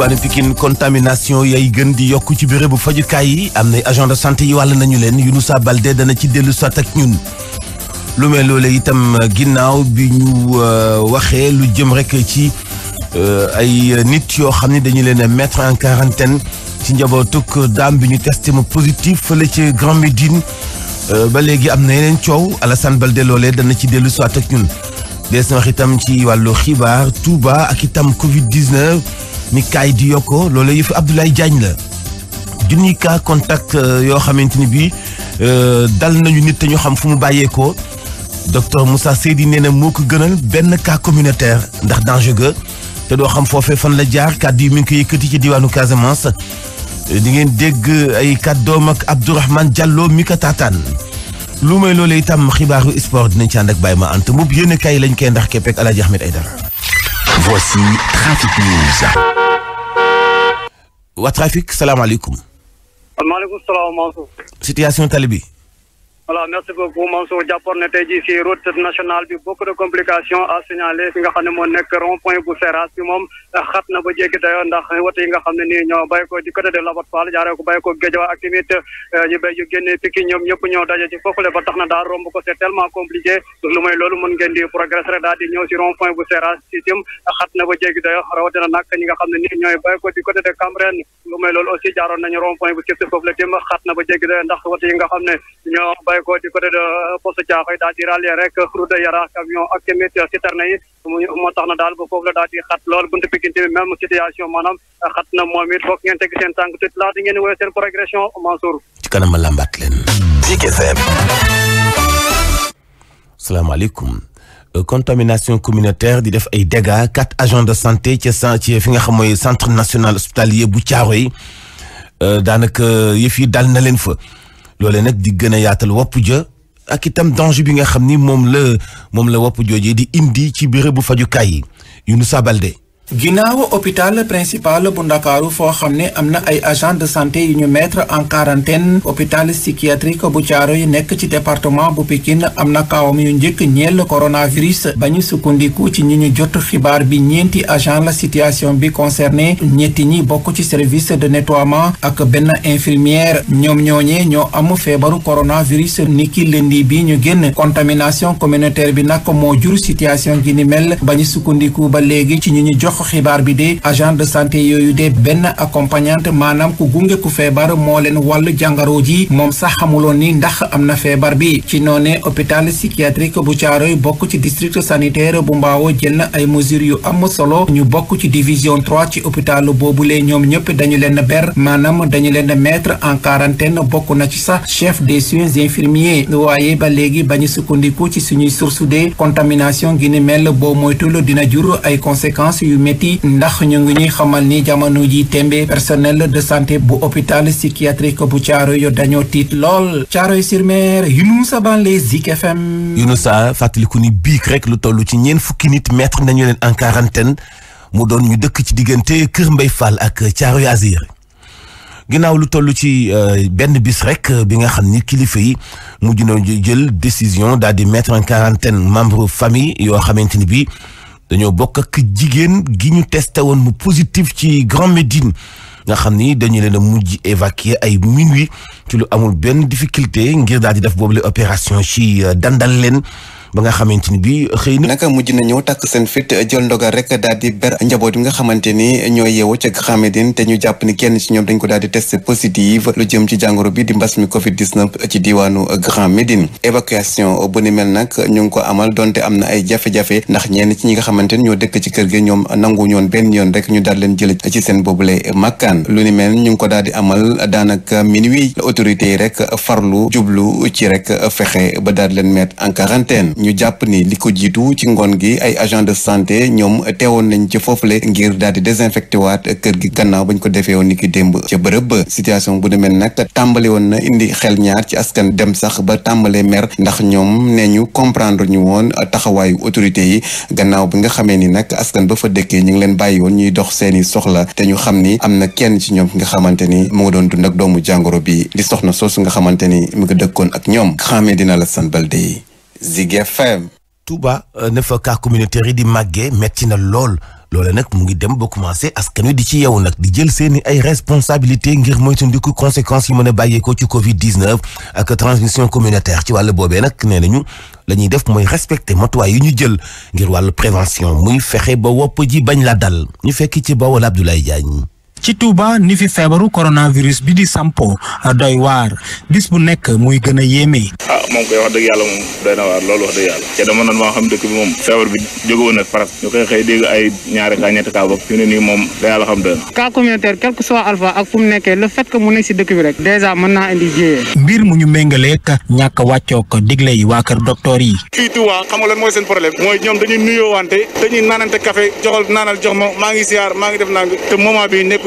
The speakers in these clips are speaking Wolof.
diwaanu Pikine contamination yay gën di yokk ci bu fajukaay yi am na agent de santé yi wàll nañu leen Younoussa Baldé dana ci dellu soit ak ñun lu mel loole itam ginnaaw bi ñu euh, waxee lu jëm rek ci euh, ay nit yoo xam ne dañu leen a mettre en quarantaine ci njabootuk daam bi ñu testé mu positif fële ci Grand Médine euh, ba léegi am na yeneen coow Alassane Baldé loolee dana ci dellu soit ak ñun dees na wax itam ci wàllu xibaar Touba ak itam Covid 19. mi kaay di yokko loola yëfi Abdoulaye Diagne la junni cas contact euh, yoo xamante ni bi euh, dal nañu nit te ñu xam fu mu bàyyeekoo docteur Moussa Seydi nee na moo ko gënal benn cas communautaire ndax danger ga te doo xam foofee fan la jaar kàddu yi mi ngi ko yëkkati ci diwaanu Casamance di ngeen dégg ay kàddoom ak Abdourahmane Diallo mi ko taataan lu may loolee itam xibaaru sport dinañ ci ànd ak Baye ma ant moom yéen a kaay lañ koy ndax keppek Alaaji Ahmed Aidara. Voici Trafic waa trafic salaamaaleykum. maaleykum salaam. situation tali bi. voilà merci beaucoup Mansour jàppoon na tey jii si route nationale bi beaucoup de complications à signaler fi nga xam ne moo nekk rond point bu Seras bi moom euh, xat na ba jéggi dayoo ndax woto yi nga xam ne nii ñoo bàyyi ko du côté de Labat Fall jaaree ko bàyyi ko Guédiawaye ak tamit euh, ñu béy ñu génne Pikine ñoom ñëpp ñoo daje ci foofule ba tax na daal romb ko c'est tellement compliqué lu mooy loolu mën ngeen di progresser daal di ñëw si rond point bu Seras si jëm euh, xat na ba jéggi dayoo rawatina nag ñi nga xam ne nii ñooy bàyyi ko du côté de Cambérène lu mooy loolu aussi jaaroon nañu rond point bu Siteu foofu la jëm xat na ba jéggi dayoo ndax woto yi nga xam ne ñoo bàyyi ko di côté de euh, poste Thiaroye daal di rallier rek route Yaraax camion ak tamit citerne yi moo tax na daal ba foofu la daal xat lool buntu Pikine tamit même situation maanaam xat na moom it foog ngeen teg seen tànk tuuti laa di ngeen woowee seen progression Mansour. ci kanam leen. Zik FM. salaamaaleykum. Euh, contamination communautaire def ay dégâts quatre agents de santé ca ci fi nga xam mooy centre national hospitalier bu Thiaroye euh, daanaka yëf yi na leen fa. loole nag di gën a yaatal wopp ja ak itam danger bi nga xam ni moom la moom la wopp jooje di indi ci bérébu fajukaay yi Younoussa Baldé ginnaaw hôpital principal bu ndakaaru foo xam ne am na ay agent de santé yu ñu mettre en quarantaine hôpital psychiatrique bu caaro yi nekk ci département bu Pikine am na kaawam yu njëkk ñeel coronavirus ba ñu sukkandiku ci ñu ñu jot xibaar bi ñeenti agent la situation bi concerné ñetti ñi bokk ci service de nettoiement ak benn infirmière ñoom ñooñee ñoo am feebaru coronavirus niki lëndi bi ñu génn contamination communautaire bi nag moo jur situation gi ni ba ñu sukkandiku ba léegi ci ñi ñu jox ko xibaar bi de agent de santé yooyu de benn accompagnante maanaam ku gunge ku feebar moo leen wàll jàngaro ji moom sax xamuloon ni ndax am na feebar bi ci noone hôpital psychiatrique bu Caaroy bokk ci district sanitaire bu Mbaawo jël na ay mesures yu am solo ñu bokk ci division 3 ci hôpital boobule ñoom ñëpp dañu leen ber maanaam dañu leen mettre en quarantaine bokk na ci sax chef des soins infirmiers waaye ba léegi bañu sukkandiku ci suñuy source de contamination gi ndax ñu ngi ñuy xamal ni jamono ji tembe personnel de santé bu hôpital psychiatrique bu Thiaroye yo dañoo tiit lool Thiaroye sur Mer Younoussa Baldé Zik FM. sa fàttaliku ni biik rek lu toll ci ñeent fukki nit mettre nañu leen en quarantaine mu doon ñu dëkk ci diggante Kër Mbay Fall ak Thiaroye Azir. ginnaaw lu toll ci euh, benn bis rek euh, bi nga xam ni kilifa yi mujj na jël décision daal di mettre en quarantaine membre famille yoo xamante ni bii dañoo bokk ak jigéen gi ñu testé woon mu positif ci Grand Médine nga xam ni dañu leen a mujj évacuer ay minuit ci lu amul benn difficulté ngir daal di def boobu la opération ci euh, dandal leen ba nga xamante ni bii xëy na. naka mujj na ñëw takk seen fit jël ndogal rek daal di ber njaboot yi nga xamante ni ñoo yeewu ca Xamedine te ñu jàpp ni kenn ci ñoom dañ ko daal di testé positive lu jëm ci jàngoro bi di mbas mi Covid 19 ci diwaanu Grand Médine évacuation bu ni mel nag ñu ngi ko amal donte am na ay jafe ndax ñenn ci ñi nga xamante ni ñoo dëkk ci kër gi ñoom nangu ñoon benn yoon rek ñu daal leen jël ci seen boobule makkaan lu ni mel ñu ngi ko daal di amal daanaka minuit autorité yi rek farlu jublu ci rek fexe ba daal leen mettre en quarantaine ñu jàpp ni li ko jiitu ci ngoon gi ay agent de santé ñoom teewoon nañ ca foofule ngir daal di désinfecté waat kër gi gannaaw bañ ko defee woon ni ki démb ca bërëb situation bu demee nag tàmbali woon na indi xel ñaar ci askan dem sax ba tàmbalee mer ndax ñoom nee ñu comprendre ñu woon taxawaayu autorité yi gannaaw bi nga xamee ni nag askan ba fa dëkkee ñu ngi leen bàyyi woon ñuy dox seeni soxla te ñu xam ni am na kenn ci ñoom nga xamante ni mu nga doon dund doomu jàngoro bi di soxna soo su nga xamante ni mu ngi dëkkoon ak ñoom xamee dina la san balde yi Zik FM. Touba euh, ne communautaire yi di màggee metti na lool loola nag mu ngi dem ba commencé askan wi di ci yeewu nag di jël seeni ay responsabilité ngir moytandiku conséquences yi mën a bàyyeekoo ci Covid 19 ak transmission communautaire ci wàll boobee nag nee nañu lañuy def mooy respecter matuwaay yi ñu jël ngir wàllu prévention muy fexe ba wopp ji bañ la dal ñu fekk ci Bawol Abdoulaye Diagne. ci Touba ni fi feebaru coronavirus bi di sampo euh, doy waar bis bu nekk muy gën a yéeme. ah moom koy wax dëgg yàlla moom doy waar loolu wax dëgg yàlla te dama nan maa xam dëkk bi moom feebar bi jóge kaa ñetti kaa boog ñu da ak fu mu nekkee le fait que mu nekk si dëkk bi rek dèjà mën naa indi jiyee. mbir mu ñu méngaleeg ñàkk a wàccoog digle waa kër docteur yi. fii Touba xam nga mooy seen problème mooy ñoom dañuy nuyoowante dañuy naanante café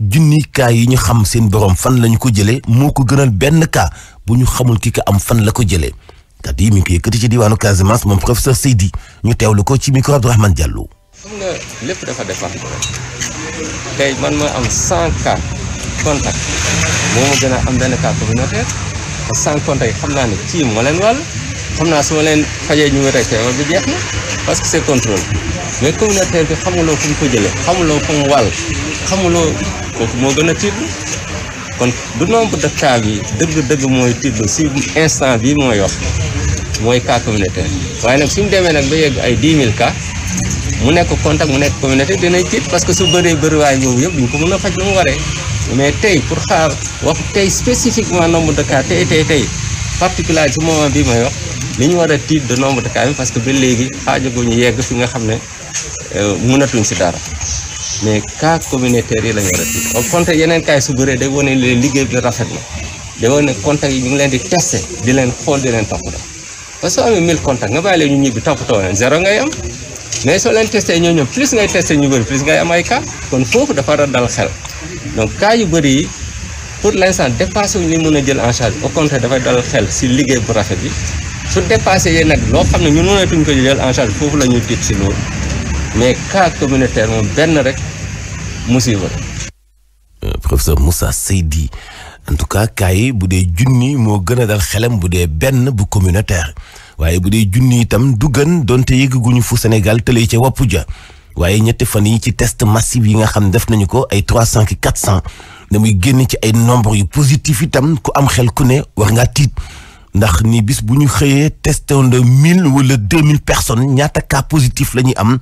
junniy cas yi ñu xam seen borom fan la ñu ko jëlee moo ko gënal benn cas bu ñu xamul ki ko am fan la ko jëlee kàddu yi mi ngi koy yëkkati ci diwaanu Casamance moom professeur Seydi ñu teew teewlu ko ci micro Abdourahmane jàlloo xam nga lépp dafa dépendre tey man ma am 100 cas contact moo ma am benn cas communautaire te xam naa ne kii moo leen naa su ma leen fajee ñu wér ak bi jeex na parce que c'est contrôle mais communautaire bi xamuloo fu mu ko jëlee xamuloo fu mu wàll xamuloo. kooku moo gën a tiitlu kon du nombre de cas bi dëgg-dëgg mooy tiitlu si instant bi mooy wax mooy cas communautaire waaye nag suñu demee nag ba yegg ay 10 000 cas mu nekk contact mu nekk communauté dinay tiit parce que su bëree bëriwaay boobu yëpp ko mën a faj lu mu waree mais tey pour xaar wax tey spécifiquement nombre de cas tey tey tey particulier ci moment bi may wax li ñu war a tiit de nombre de cas bi parce que ba léegi ñu yegg fi nga xam ne euh, mënatuñ si dara mais cas communautaire yi la ñu war a tiit kon compte yeneen cas su bëree day wane liggéey bi rafet na day wane ne contact yi ñu ngi leen di testé di leen xool di leen toppatoo parce que soo amee 1000 contacts nga bàyyi leen ñu ñibbi toppatoo leen zéro ngay am mais soo leen testé ñoo ñoom plus ngay testé ñu bëri ngay am ay cas kon foofu dafa war a dal xel donc cas yu bëri yi pour l'instant dépassé wuñ ñu mën a jël en charge au contraire dafay dal xel si liggéey bu rafet bi su dépassé yéen nag loo xam ne ñun mënatuñ ko jël en foofu la ñuy tiit si loolu. mais cas communautaire moom benn rek musiba euh, professeur Moussa Seydi en tout cas cas yi bu dee junni moo gën a dal xelam bu dee benn bu communautaire waaye bu dee junni itam du gën donte yëgguñu fu Sénégal tëlee ci wàppu ja waaye ñetti fan yi ci test massif yi nga xam def nañu ko ay trois cent ki quatre cent damuy génn ci ay nombre yu positif itam ku am xel ku ne war ngaa tiit ndax ni bis bu ñu xëyee testé woon de mille wala deux mille personnes ñaata cas positif la ñuy am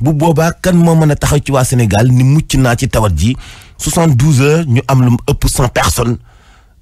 bu boobaa kan moo mën a taxaw ci waa Sénégal ni mucc naa ci tawat ji soixante douze heures ñu am lu mu ëpp cent personnes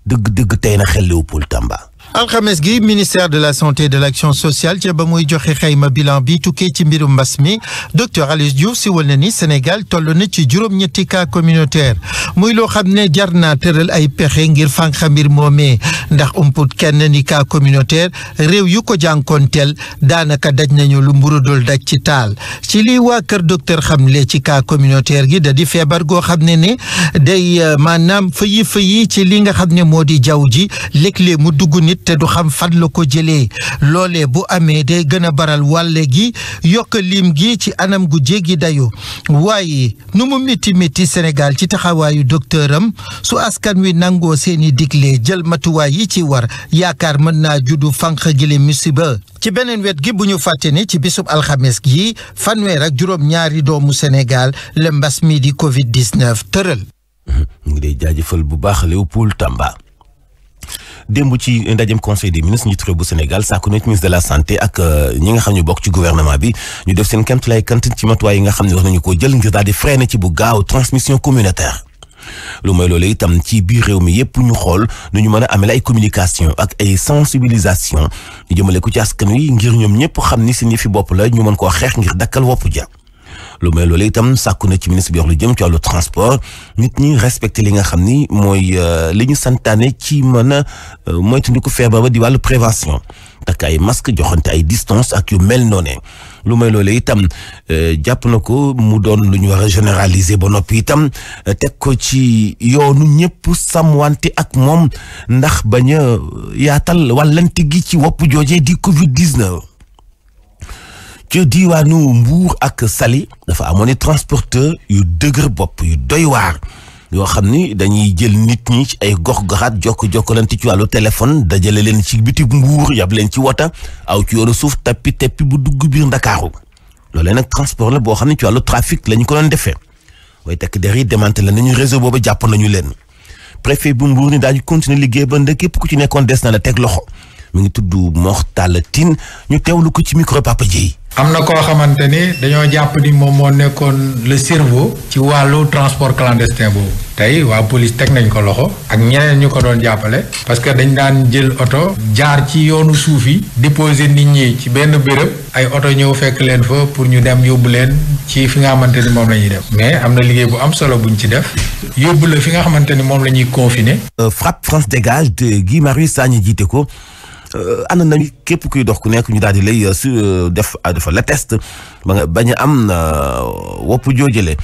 dëgg-dëgg tey na xel Léopold Tamba. alxames gi ministère de la santé et de l'action sociale ca ba muy joxe xayma bilan bi tukkee ci mbirum mbas mi docteur Alice Diouf siwal na ni Sénégal toll na ci juróom-ñetti cas communautaire muy loo xam ne jar naa tëral ay pexe ngir fànq mbir moomee ndax umput kenn ni ka communautaire réew yu ko jànkoonteel daanaka daj nañu lu mburu dol daj ci taal ci li waa kër docteur xamle ci cas communautaire gi da di feebar goo xam ne ne day euh, maanaam fëyi fëyi ci li nga xam ne moo di jaww ji léeg mu dugg nit te du xam fan la ko jëlee loole bu amee day gën a baral wàlle gi yokk lim gi ci anam gu jéggi dayo waaye nu mu métti métti Sénégal ci taxawaayu docteur am su askan wi nangoo seeni digle jël matuwaay yi ci war yaakaar mën naa juddu fànq gile musiba ci beneen wet gi bu ñu fàtte ne ci bisub alxames gi fanweer ak juróom-ñaari doomu Sénégal la mbas mi di Covid 19 tëral. ñu jaajëfal bu baax Léopold Tamba. démb ci ndajem conseil des ministres njiitu réew bu Sénégal sàkku na ci ministre de la santé ak euh, ñi nga xam ñu bokk ci gouvernement bi ñu def seen kéemtalaay kantin ci matuwaay yi nga xam ne wax nañu ko jël ngir daal di freiner ci bu gaaw transmission communautaire. lu mooy loolu itam ci biir réew mi yëpp ñu xool nu ñu mën a amee ay communication ak ay sensibilisation ñu jëmale ko ci askan wi ngir ñoom ñëpp xam ni seen fi bopp la ñu mën koo xeex ngir dakkal wopp ja lu mel loolu itam sàkku na ci ministre bi wax lu jëm ci wàllu transport nit ñi respecté li nga xam ni mooy euh, li ñu santaane ci mën a euh, moytandiku feebar ba di wàllu prévention takk ay masque joxante ay distance ak yu mel ndoone lu may loolee itam euh, jàpp na ko mu doon lu ñu war généraliser ba noppi itam teg ko ci yoonu ñëpp sàmmwante ak moom ndax bañ a yaatal wàllante gi ci wopp joojee di Covid 19. ci diiwaanu Mbuur ak sali dafa amoon transporteur yu dëgër bopp yu doy waar yoo xam ni dañuy jël nit ñi ci ay gox-goxaat jokk-jokkalante ci wàllu téléphone dajale leen ci biti Mbuur yab leen ci wota aw ci yoonu suuf tappi teppi bu dugg biir Ndakaaru loolee nag transport la boo xam ne ci wàllu trafic la ñu ko doon defee way tekk der yi démantelé nañu réseau boobu jàpp nañu leen préfet bu Mbuur ni daañu continuer liggéey ba ndëkk képp ku ci nekkoon des na teg loxo mi ngi tudd Mor Talla Tine ñu teewlu ko ci micro Papa Dieye am na koo xamante ni dañoo jàpp ni moom moo nekkoon le cerveau ci wàllu transport clandestin boobu tey waa police teg nañ ko loxo ak ñeneen ñu ko doon jàppale parce que dañ daan jël oto jaar ci yoonu suuf yi nit ñi ci benn bërëb ay oto ñëw fekk leen fa pour ñu dem yóbbu leen ci fi nga xamante ni moom la ñuy def mais am na liggéey bu am solo buñ ci def yóbbu la fi nga xamante ni moom la ñuy confiner. Euh, Frapp France dégage de Guy Marius Sagna jiite ko. Euh, ànd nañu képp kuy dox ku nekk ñu daal di lay euh, su euh, def dafa la test ba nga bañ a am wopp joojale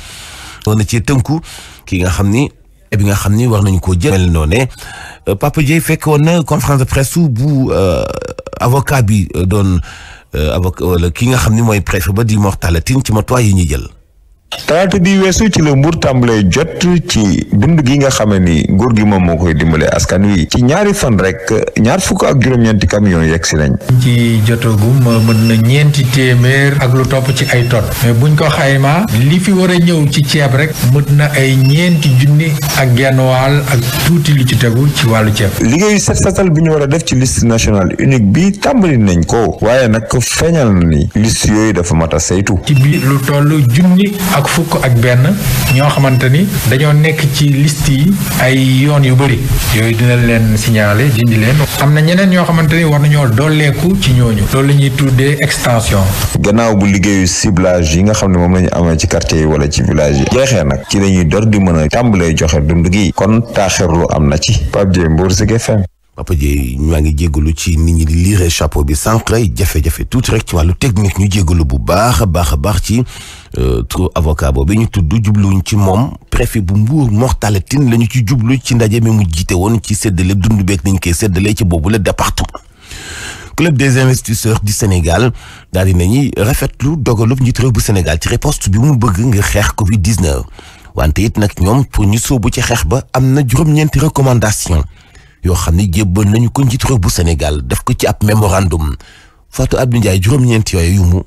war na ci tënku ki nga xam ni bi nga xam ni war nañu koo jël mel noo ne Papa Dieye fekk woon na conférence de presse bu avocat bi doon avocat wala ki nga xam ni mooy préfet ba di Mor tin ci matuwaay yi ñuy jël talaata bi weesu ci la Mbour tàmbalee jot ci dund gi nga xamee ni nguur gi moom moo koy dimbalee askan wi ci ñaari fan rek ñaar fukk ak juróom-ñeenti camion yegg si nañ ci jotagum euh, mën na ñeenti téeméer ak lu topp ci ay tot mais buñ ko xaymaa li fi war a ñëw ci ceeb rek mën na ay ñeenti junni ak genn wàll ak tuuti lu ci tegu ci wàllu ceeb liggéeyu set satal bi ñu war a def ci liste nationale unique bi tàmbali nañ ko waaye nag feeñal na ni liste yooyu dafa mat a saytu ci biir lu toll junni ak fukk ak benn ñoo xamante ni dañoo nekk ci liste yi ay yoon yu bëri yooyu dina leen signaler dindi leen am na ñeneen ñoo xamante ni war nañoo dolleeku ci ñooñu loolu la ñuy tuddee extension. gannaaw bu liggéeyu ciblage yi nga xam ne moom la ñu amee ci quartier yi wala ci village yi jeexee nag ci la ñuy dor di mën a tàmbalee joxe dund gi kon taaxirlu am na ci Pape Dieng Mbour Zik FM Papa Dieye maa ngi jégalu ci nit ñi di liire chapeau bi sànq jafe-jafe tuuti rek ci wàllu technique ñu jégalu bu baax baax a baax ci euh, trop avocat boobu ñu tudd jubluwuñ ci moom préfet bu Mbour Mor Talla la ñu ci jublu ci ndaje mi mu jiite woon ci séddale dund beeg nañ koy séddale ci boobu la département. club des investisseurs du Sénégal daal di nañuy rafetlu dogalub njiit réew bu Sénégal ci riposte bi mu bëgg ngir xeex Covid 19 wante it nag ñoom pour ñu sóobu ci xeex ba am na juróom recommandation yoo xam ne jébbal nañu ko njiitu réew bu Sénégal def ko ci ab mémorandum Fatou Abdou Ndiaye juróom-ñeent yooyu yu mu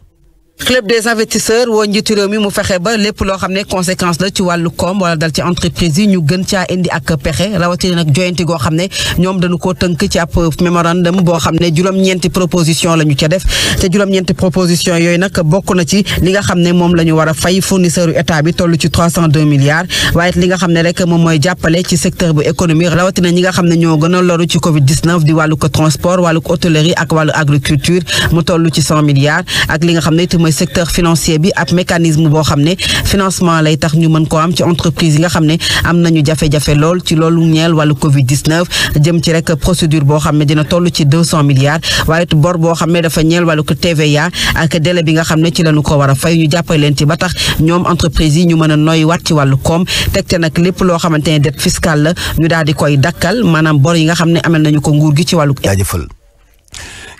club des investisseurs woo njiitu réew mi mu fexe ba lép loo xam ne conséquence la ci wàllu koom wala dal ci entreprise ñu gën caa indi ak pexe rawatina nag joyanti goo xam ne ñoom dañu ko tënk ci ab mémorandum boo xam ne juróom-ñeenti proposition la ñu ca def te juróom-ñeenti proposition yooyu nag bokk na ci li nga xam ne moom la ñu war a fay fournisseur état bi toll ci 302 milliards waaye li nga xam ne rek moom mooy jàppale ci secteur bu économie rawatina ñi nga xam ne ñoo gën a loru ci covid 19 di wàllu ko transport wàllu ko hôtellerie ak wàllu agriculture mu tollu ci 100 milliards ak li nga xam ne mooy secteur financier bi ak mécanisme boo xam ne financement lay tax ñu mën koo am ci entreprise yi nga xam ne am nañu jafe-jafe lool ci loolu ñeel wàllu Covid 19 jëm ci rek procédure boo xam ne dina toll ci deux cent milliards waaye bor boo xam ne dafa ñeel wàllu TVA ak délai bi nga xam ne ci lañu ko war a fay ñu jàppale leen ci ba tax ñoom entreprise yi ñu mën a noy wat ci wàllu koom teg te nag lépp loo xamante ne dette fiscale la ñu daal di koy dakkal maanaam bor yi nga xam ne amal nañu ko nguur gi ci wàllu jaajëfal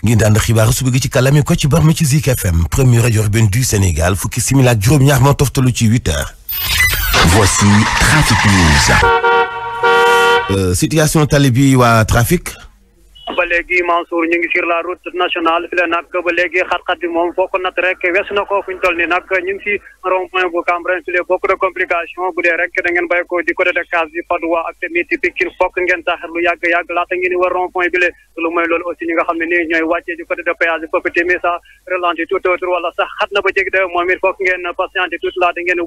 ngeen daan xibaar suba gi ci kàllaame ko ci barma ci Zik FM premier rajo urbaine du Sénégal fukki simila juróom-ñaar moo toftalu ci huit heures. voici trafic news. Euh, situation tali bi waa trafic. ba léegi Mansour ñu ngi sur la route nationale fi la nag ba léegi xat-xat bi moom foo ko rek wes na ko fu ñu toll nii nag ñu ngi bu Cambérène su lee de complication bu rek da ngeen ko di côté de Case bi Padoua ak tamit Pikine fokk ngeen lu yàgg yàgg laata ngeen war rond point lu mooy loolu aussi ñi xam ne ñooy wàccee di côté de péage bi foofu tamit ça ralenti tout wala sax xat na ba jég de moom it fokk ngeen patienté tout laata ngeen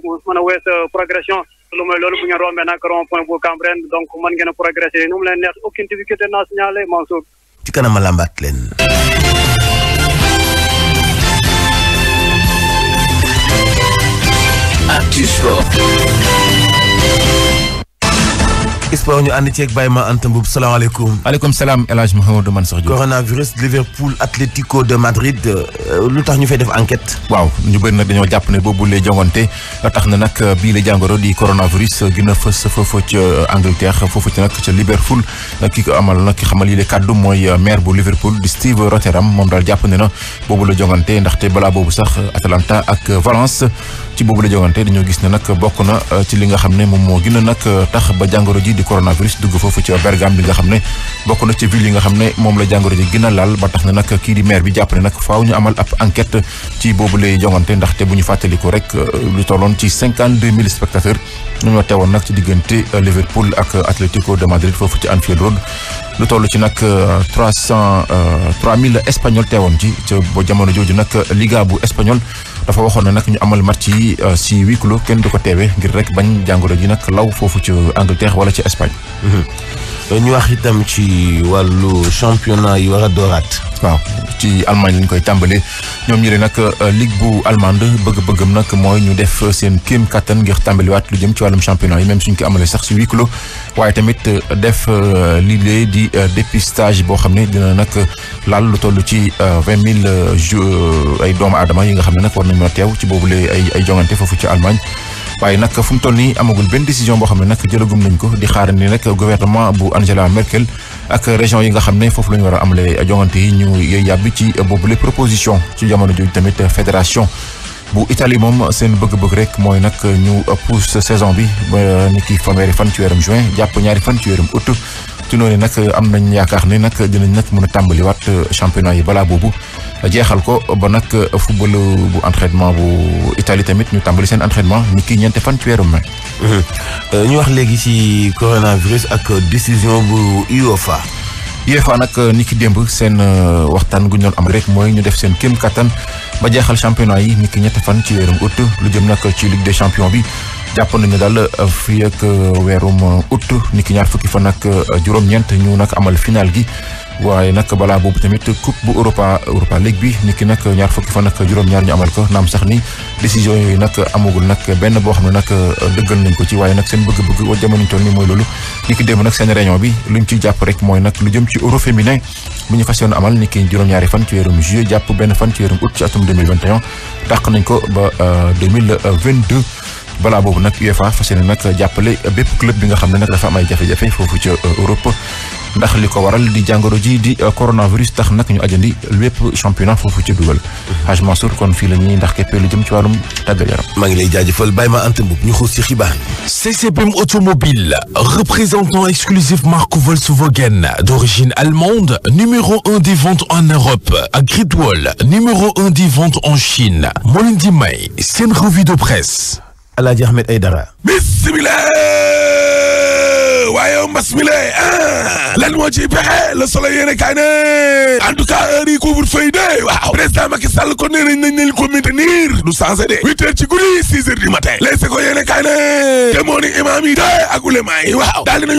ci kanam a làmbaat leen. sport ñu ànd ceeg Baye Ma Anta Mboub salaamaaleykum. waaleykum salaam El Hadj Mouhamadou Mansour Diop. coronavirus Liverpool Atlético de Madrid euh, lu tax ñu fay def enquête. waaw ñu bëri nag dañoo jàpp ne boobu lay jongante tax na nag euh, bii la jàngoro di coronavirus euh, a fës foofu ca Angleterre foofu ca nag ca Liverpool ki ko amal nag ki yi la kàddu mooy maire bu Liverpool di Steve Rotherham moom daal jàpp na boobu la jongante ndaxte balaa boobu sax Atalanta ak Valence ci boobu la jongante dañoo gis ne nag bokk na ci li nga xam ne moom moo gën a nag tax ba jàngoro ji di coronavirus dugg foofu ci Bergame bi nga xam ne bokk na ci ville yi nga ne moom la jàngoro ji gën a laal ba tax na nag kii di bi jàpp ne nag faaw ñu amal ab enquête ci boobu lay jongante ndaxte bu ñu fàttaliku rek euh, lu tolloon ci cinquante deux mille spectateurs ñoo teewoon nag ci diggante euh, Liverpool ak Atlético de Madrid foofu ci Anfield Road lu toll ci nag euh, trois cent trois mille espagnol teewoon ci ca jamono jooju nag Liga bu espagnol. dafa waxoon ne nag ñu amal match yi euh, si huis kenn du ko teewe ngir rek bañ jàngoro ji nag law foofu ci Angleterre wala ci Espagne. Mhm. ñu wax itam ci wàllu championnat yi war a dooraat. waaw ci Allemagne lañ koy tàmbalee ñoom ñi ne nag euh, ligue bu allemande bëgg-bëggam nag mooy ñu def euh, seen kéem kattan ngir tàmbaliwaat lu jëm ci wàllum championnat yi même suñ ko amalee sax si huis clos waaye tamit euh, def lii lee di dépistage boo xam ne dina nag laal lu toll ci vingt mille ay doom aadama yi nga xam ne nag war nañu teew ci boobule ay ay jongante foofu ci Allemagne. waaye nag fu mu toll nii amagul benn décision boo xam ne nag jëlagum nañ ko di xaar ni rek gouvernement bu Angela Merkel ak région yi nga xam ne foofu la ñu war a amale jongante yi ñu yàbbi ci boobule proposition ci jamono jooju tamit fédération bu Italie moom seen bëgg-bëgg rek mooy nag ñu pousse saison bi ba ni ki fanweeri fan ci weerum juin jàpp ñaari fan ci weerum août. ci noonu nag am nañ yaakaar ni nag dinañ nag mën a tàmbaliwaat euh, championnat yi balaa boobu jeexal ko ba nag euh, football euh, bu entraînement bu Italie tamit ñu tàmbali seen entraînement ni kii ñeente fan ci weeru mai. Mhm. ñu wax léegi ci coronavirus ak décision bu UEFA. UEFA nag ni ki démb seen waxtaan gu ñu am rek mooy ñu def seen kéem kattan ba jeexal championnat yi ni ki ñetti fan ci weerum août lu jëm nag ci lig de champions bi. jàpp nañu daal euh, fii ak euh, weerum euh, août ni ki ñaar fukki fan ak juróom-ñeent ñu nag amal final gi waaye nag balaa boobu tamit coupe bu Europa Europa League bi ni ki nag ñaar fukki fan ak juróom-ñaar ñu amal ko naam sax ni décision yooyu nag amagul nag benn boo xam ne nag dëggal nañ ko ci waaye nag seen bëgg-bëgg wa jamono toll ni mooy loolu ni ki démb nag seen réunion bi luñ ci jàpp rek mooy nag lu jëm ci euro féminin bu ñu fas yoon amal ni ki juróom-ñaari fan ci weerum jàpp benn fan ci weerum août ci atum nañ ko ba 2022 balaa boobu nag UEFA fas yéene nag jàppale bépp club bi nga xam ne nag dafa am ay jafe-jafe foofu ca Europe ndax li ko waral di jàngoro ji di coronavirus tax nag ñu ajandi lépp championnat foofu ca dugal. Mhm. Haj Mansour kon fii la ñuy ndax képp lu jëm ci wàllum tàggat yaram. maa ngi lay jaajëfal bàyyi ma Anta Mboup ñu xuus ci xibaar yi. CCBM automobile représentant exclusif marque Volkswagen d'origine allemande numéro un des ventes en Europe ak Great Wall numéro un des ventes en Chine moo leen di seen revue de presse. Alaaji Ahmed Aidara bismillah waaye mbas mi le ah, lan moo ci pexe le soleil yéene kaay ne en tout cas heure yi couvre-feu de waaw président Macky Sall kon nee nañ nañ leen ko maintenir du changé de huit ci guddi six heures du matin les seco yéene kaay ne te moo ni imaam ak ulema yi waaw